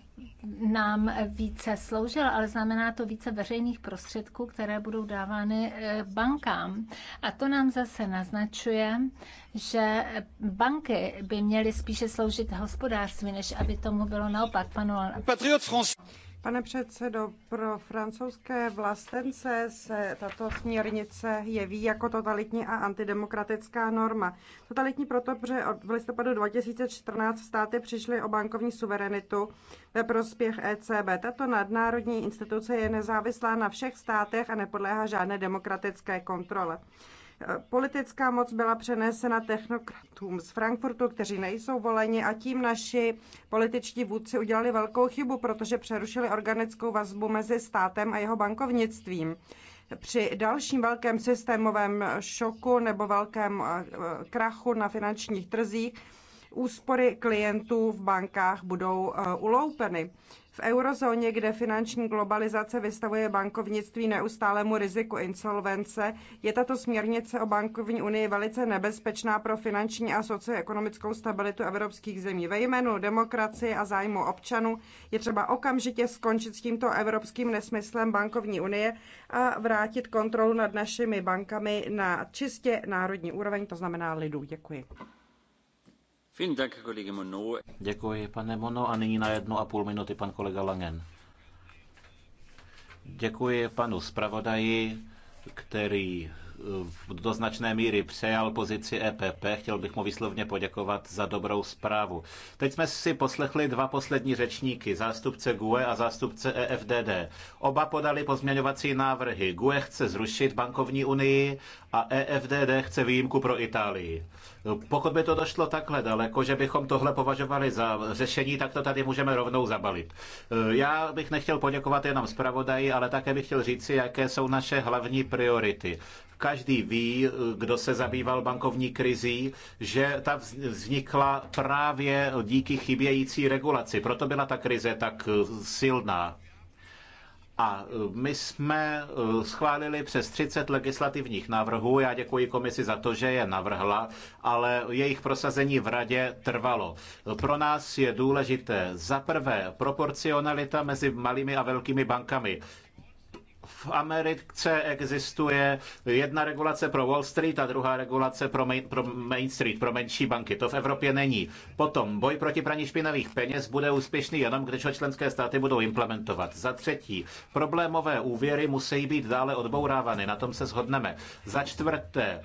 nám více sloužil, ale znamená to více veřejných prostředků, které budou dávány eh, bankám. A to nám zase naznačuje, že banky by měly spíše sloužit hospodářství, než aby tomu bylo naopak. Panu... Patriot France. Pane předsedo, pro francouzské vlastence se tato směrnice jeví jako totalitní a antidemokratická norma. Totalitní proto, protože od v listopadu 2014 státy přišly o bankovní suverenitu ve prospěch ECB. Tato nadnárodní instituce je nezávislá na všech státech a nepodléhá žádné demokratické kontrole. Politická moc byla přenesena technokratům z Frankfurtu, kteří nejsou voleni a tím naši političtí vůdci udělali velkou chybu, protože přerušili organickou vazbu mezi státem a jeho bankovnictvím. Při dalším velkém systémovém šoku nebo velkém eh, krachu na finančních trzích úspory klientů v bankách budou eh, uloupeny. V eurozóně, kde finanční globalizace vystavuje bankovnictví neustálému riziku insolvence, je tato směrnice o bankovní unii velice nebezpečná pro finanční a socioekonomickou stabilitu evropských zemí. Ve jménu demokracie a zájmu občanů je třeba okamžitě skončit s tímto evropským nesmyslem bankovní unie a vrátit kontrolu nad našimi bankami na čistě národní úroveň, to znamená lidu. Děkuji. Děkuji, pane Mono. A nyní na jednu a půl minuty pan kolega Langen. Děkuji panu zpravodaji, který eh, do značné míry přejal pozici EPP. Chtěl bych mu výslovně poděkovat za dobrou zprávu. Teď jsme si poslechli dva poslední řečníky, zástupce GUE a zástupce EFDD. Oba podali pozměňovací návrhy. GUE chce zrušit bankovní unii a EFDD chce výjimku pro Itálii. No, pokud by to došlo takhle daleko, že bychom tohle považovali za řešení, tak to tady můžeme rovnou zabalit. E, já bych nechtěl poděkovat jenom zpravodaji, ale také bych chtěl říci, jaké jsou naše hlavní priority. Každý ví, e, kdo se zabýval bankovní krizí, že ta vznikla právě díky chybějící regulaci. Proto byla ta krize tak e, silná. A e, my jsme e, schválili přes 30 legislativních návrhů. Já děkuji komisi za to, že je navrhla, ale jejich prosazení v radě trvalo. Pro nás je důležité za prvé proporcionalita mezi malými a velkými bankami v Americe existuje jedna regulace pro Wall Street a druhá regulace pro Main, pro Main Street, pro menší banky. To v Evropě není. Potom boj proti praní špinavých peněz bude úspěšný jenom, když ho členské státy budou implementovat. Za třetí, problémové úvěry musí být dále odbourávány, na tom se shodneme. Za čtvrté, eh,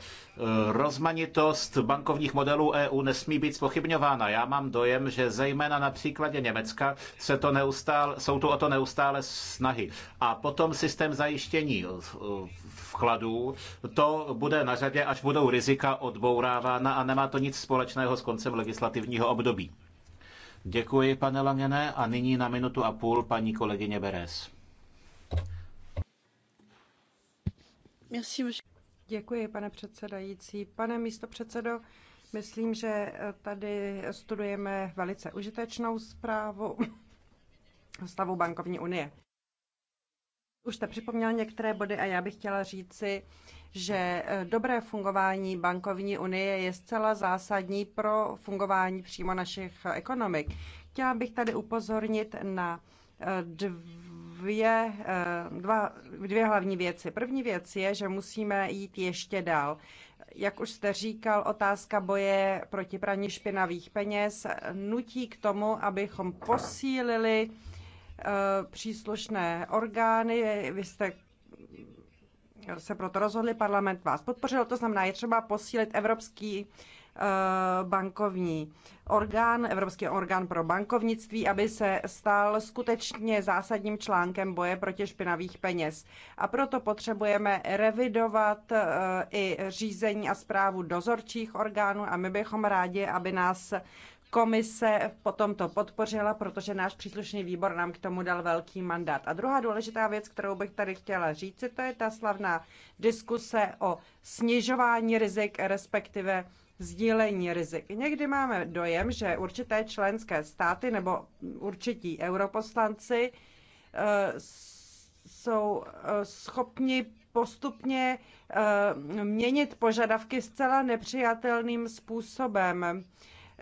rozmanitost bankovních modelů EU nesmí být spochybňována. Já mám dojem, že zejména na příkladě Německa se to neustále, jsou tu o to neustále snahy. A potom systém systém zajištění eh, vkladů, to bude na řadě, až budou rizika odbourávána a nemá to nic společného s koncem legislativního období. Děkuji, pane Langené, a nyní na minutu a půl paní kolegyně Beres. Děkuji, pane předsedající. Pane místo předsedo, myslím, že tady studujeme velice užitečnou zprávu stavu bankovní unie. Už jste připomněl některé body a já bych chtěla říci, že eh, dobré fungování bankovní unie je zcela zásadní pro fungování přímo našich eh, ekonomik. Chtěla bych tady upozornit na eh, dvě, dva, dvě hlavní věci. První věc je, že musíme jít ještě dál. Jak už jste říkal, otázka boje proti praní špinavých peněz nutí k tomu, abychom posílili Eh, příslušné orgány. Vy jste se proto rozhodli, parlament vás podpořil, to znamená, je třeba posílit evropský eh, bankovní orgán, Evropský orgán pro bankovnictví, aby se stal skutečně zásadním článkem boje proti špinavých peněz. A proto potřebujeme revidovat eh, i řízení a zprávu dozorčích orgánů a my bychom rádi, aby nás Komise potom to podpořila, protože náš příslušný výbor nám k tomu dal velký mandát. A druhá důležitá věc, kterou bych tady chtěla říct, to je ta slavná diskuse o snižování rizik, respektive sdílení rizik. Někdy máme dojem, že určité členské státy nebo určití europoslanci eh, jsou eh, schopni postupně eh, měnit požadavky zcela nepřijatelným způsobem.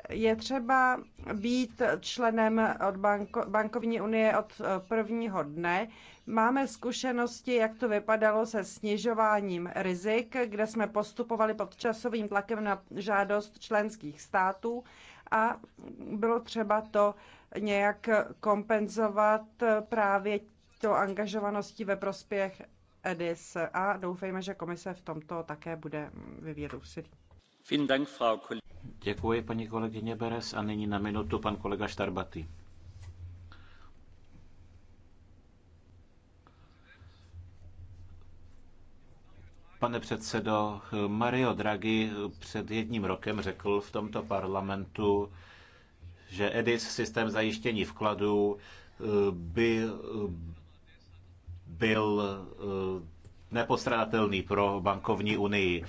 Je třeba být členem od banko, bankovní unie od eh, prvního dne. Máme zkušenosti, jak to vypadalo se snižováním rizik, kde jsme postupovali pod časovým tlakem na žádost členských států a bylo třeba to nějak kompenzovat eh, právě to angažovaností ve prospěch EDIS a doufejme, že komise v tomto také bude mm, vyvíjet úsilí. Děkuji paní kolegyně Beres a nyní na minutu pan kolega Štarbatý. Pane předsedo, Mario Draghi před jedním rokem řekl v tomto parlamentu, že EDIS, systém zajištění vkladů, eh, by eh, byl eh, nepostradatelný pro bankovní unii.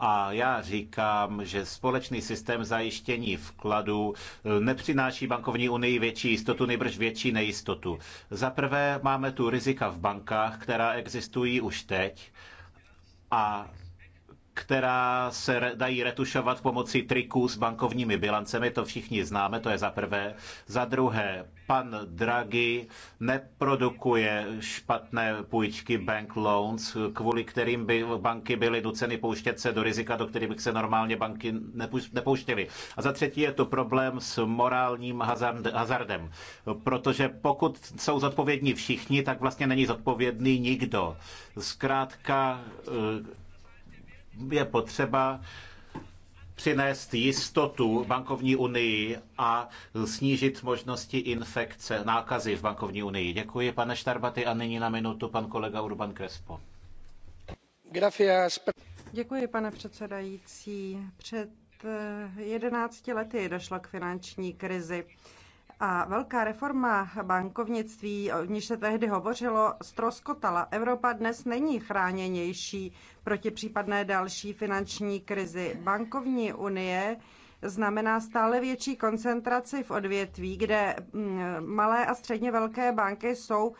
A já říkám, že společný systém zajištění vkladů eh, nepřináší bankovní unii větší jistotu, nejbrž větší nejistotu. Za prvé máme tu rizika v bankách, která existují už teď a která se dají retušovat pomocí triků s bankovními bilancemi, to všichni známe, to je za prvé. Za druhé, pan Draghi neprodukuje špatné půjčky bank loans, kvůli kterým by banky byly nuceny pouštět se do rizika, do kterých se normálně banky nepouštěly. A za třetí je to problém s morálním hazardem, protože pokud jsou zodpovědní všichni, tak vlastně není zodpovědný nikdo. Zkrátka eh, je potřeba přinést jistotu bankovní unii a snížit možnosti infekce, nákazy v bankovní unii. Děkuji, pane Štarbaty, a nyní na minutu pan kolega Urban Crespo. Děkuji, pane předsedající. Před 11 lety došlo k finanční krizi. A velká reforma bankovnictví, o níž se tehdy hovořilo, stroskotala. Evropa dnes není chráněnější proti případné další finanční krizi. Bankovní unie znamená stále větší koncentraci v odvětví, kde mm, malé a středně velké banky jsou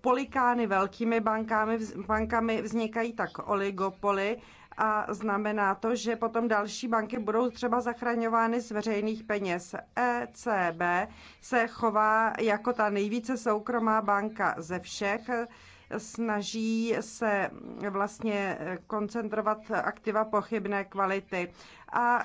polikány velkými bankami, bankami vznikají tak oligopoly a znamená to, že potom další banky budou třeba zachraňovány z veřejných peněz. ECB se chová jako ta nejvíce soukromá banka ze všech, snaží se vlastně koncentrovat aktiva pochybné kvality. A e,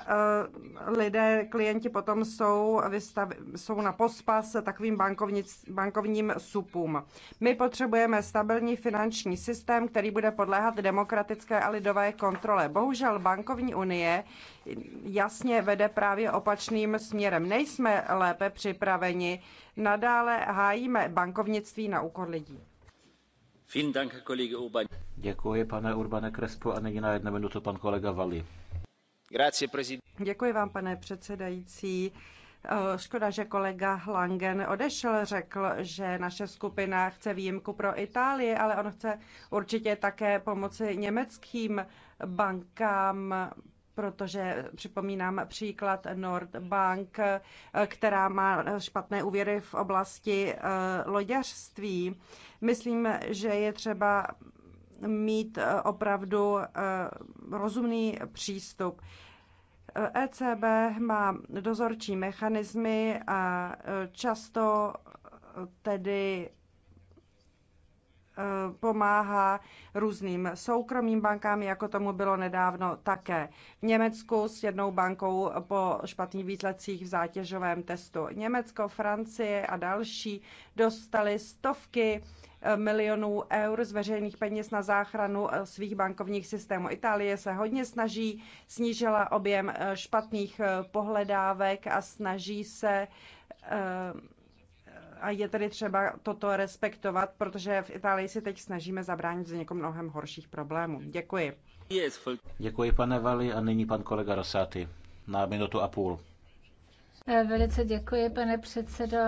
lidé, klienti potom jsou, vystav, jsou na pospas takovým bankovnic, bankovním supům. My potřebujeme stabilní finanční systém, který bude podléhat demokratické a lidové kontrole. Bohužel bankovní unie jasně vede právě opačným směrem. Nejsme lépe připraveni, nadále hájíme bankovnictví na úkor lidí. Děkuji, pane Urbane Krespo, a nyní na jednu minutu pan kolega Vali. Děkuji vám, pane předsedající. Eh, škoda, že kolega Langen odešel, řekl, že naše skupina chce výjimku pro Itálii, ale on chce určitě také pomoci německým bankám protože připomínám příklad Nordbank, která má špatné úvěry v oblasti eh, loďařství. Myslím, že je třeba mít eh, opravdu eh, rozumný přístup. ECB e má dozorčí mechanismy a často tedy Eh, pomáhá různým soukromým bankám, jako tomu bylo nedávno také. V Německu s jednou bankou po špatných výsledcích v zátěžovém testu. Německo, Francie a další dostali stovky eh, milionů eur z veřejných peněz na záchranu eh, svých bankovních systémů. Itálie se hodně snaží, snížila objem špatných pohledávek a snaží se a je tedy třeba toto respektovat, protože v Itálii si teď snažíme zabránit někom mnohem horších problémů. Děkuji. Děkuji, pane Vali, a nyní pan kolega Rosati na minutu a půl. Velice děkuji, pane předsedo,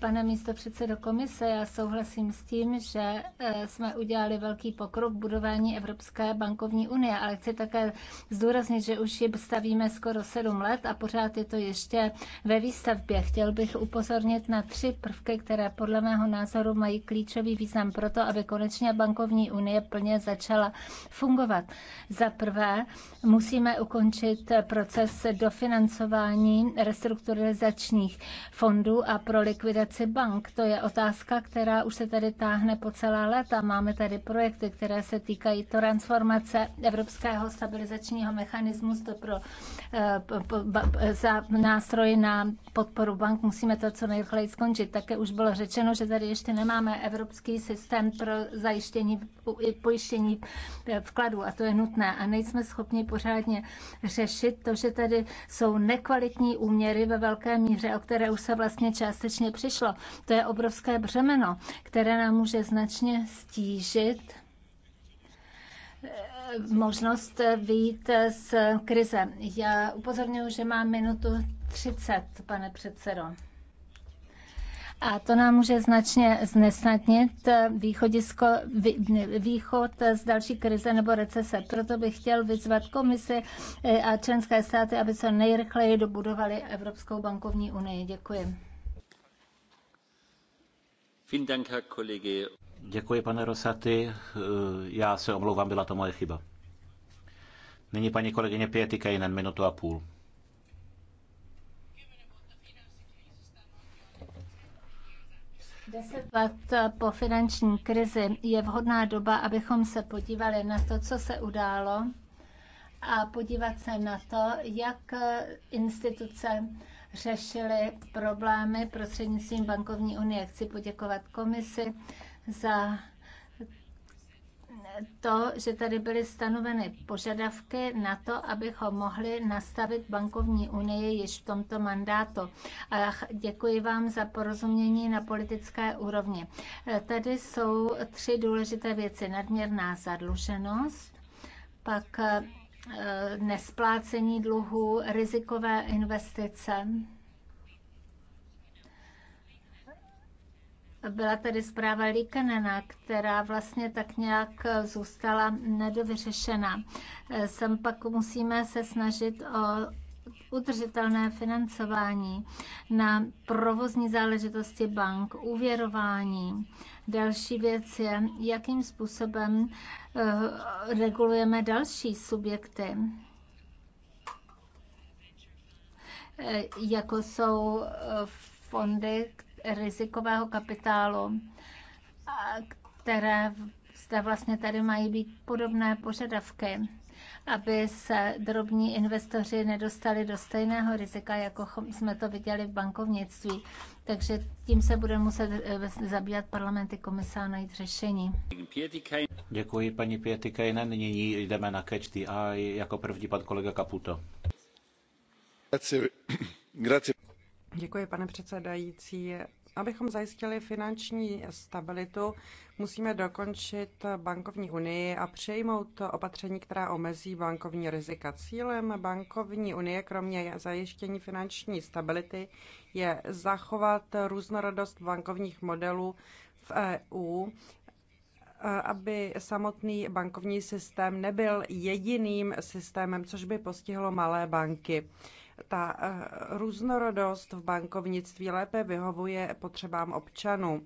pane místo předsedo komise. Já souhlasím s tím, že eh, jsme udělali velký pokrok v budování Evropské bankovní unie, ale chci také zdůraznit, že už ji stavíme skoro sedm let a pořád je to ještě ve výstavbě. Chtěl bych upozornit na tři prvky, které podle mého názoru mají klíčový význam pro to, aby konečně bankovní unie plně začala fungovat. Za prvé, musíme ukončit proces dofinancování restrukturalizace modernizačních fondů a pro likvidaci bank. To je otázka, která už se tady táhne po celá léta. Máme tady projekty, které se týkají transformace Evropského stabilizačního mechanismu to pro, eh, za nástroj na podporu bank. Musíme to co nejrychleji skončit. Také už bylo řečeno, že tady ještě nemáme evropský systém pro zajištění pojištění eh, vkladů a to je nutné. A nejsme schopni pořádně řešit to, že tady jsou nekvalitní úměry ve velké míře, o které už se vlastně částečně přišlo. To je obrovské břemeno, které nám může značně stížit eh, možnost výjít z krize. Já upozorňuji, že mám minutu 30, pane předsedo a to nám může značně znesnadnit eh, východisko, východ z další krize nebo recese. Proto bych chtěl vyzvat komisi eh, a členské státy, aby se nejrychleji dobudovali Evropskou bankovní unii. Děkuji. Děkuji, pane Rosaty. Eh, já se omlouvám, byla to moje chyba. Nyní paní kolegyně Pěty Kejnen, minutu a půl. Deset let po finanční krizi je vhodná doba, abychom se podívali na to, co se událo a podívat se na to, jak instituce řešily problémy prostřednictvím bankovní unie. Chci poděkovat komisi za to, že tady byly stanoveny požadavky na to, abychom mohli nastavit bankovní unii již v tomto mandátu. A děkuji vám za porozumění na politické úrovni. E, tady jsou tři důležité věci. Nadměrná zadluženost, pak e, e, nesplácení dluhů, rizikové investice Byla tady zpráva Likanena, která vlastně tak nějak zůstala nedovyřešena. Sem pak musíme se snažit o udržitelné financování na provozní záležitosti bank, uvěrování. Další věc je, jakým způsobem eh, regulujeme další subjekty, eh, jako jsou eh, fondy, rizikového kapitálu, které zde vlastně tady mají být podobné požadavky, aby se drobní investoři nedostali do stejného rizika, jako jsme to viděli v bankovnictví. Takže tím se bude muset e, zabývat parlamenty komise a najít řešení. Děkuji paní Pětikejnen. Nyní jdeme na Catch the Eye. Jako první pan kolega Kaputo. Děkuji, pane předsedající. Abychom zajistili finanční stabilitu, musíme dokončit bankovní unii a přejmout opatření, která omezí bankovní rizika. Cílem bankovní unie, kromě zajištění finanční stability, je zachovat různorodost bankovních modelů v EU, aby samotný bankovní systém nebyl jediným systémem, což by postihlo malé banky. Ta eh, různorodost v bankovnictví lépe vyhovuje potřebám občanů.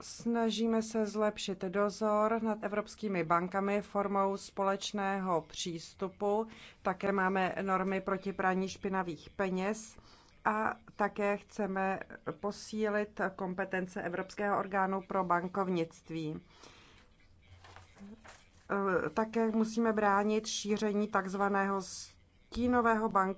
Snažíme se zlepšit dozor nad evropskými bankami formou společného přístupu. Také máme normy proti praní špinavých peněz a také chceme posílit kompetence Evropského orgánu pro bankovnictví. Eh, také musíme bránit šíření takzvaného stínového banko.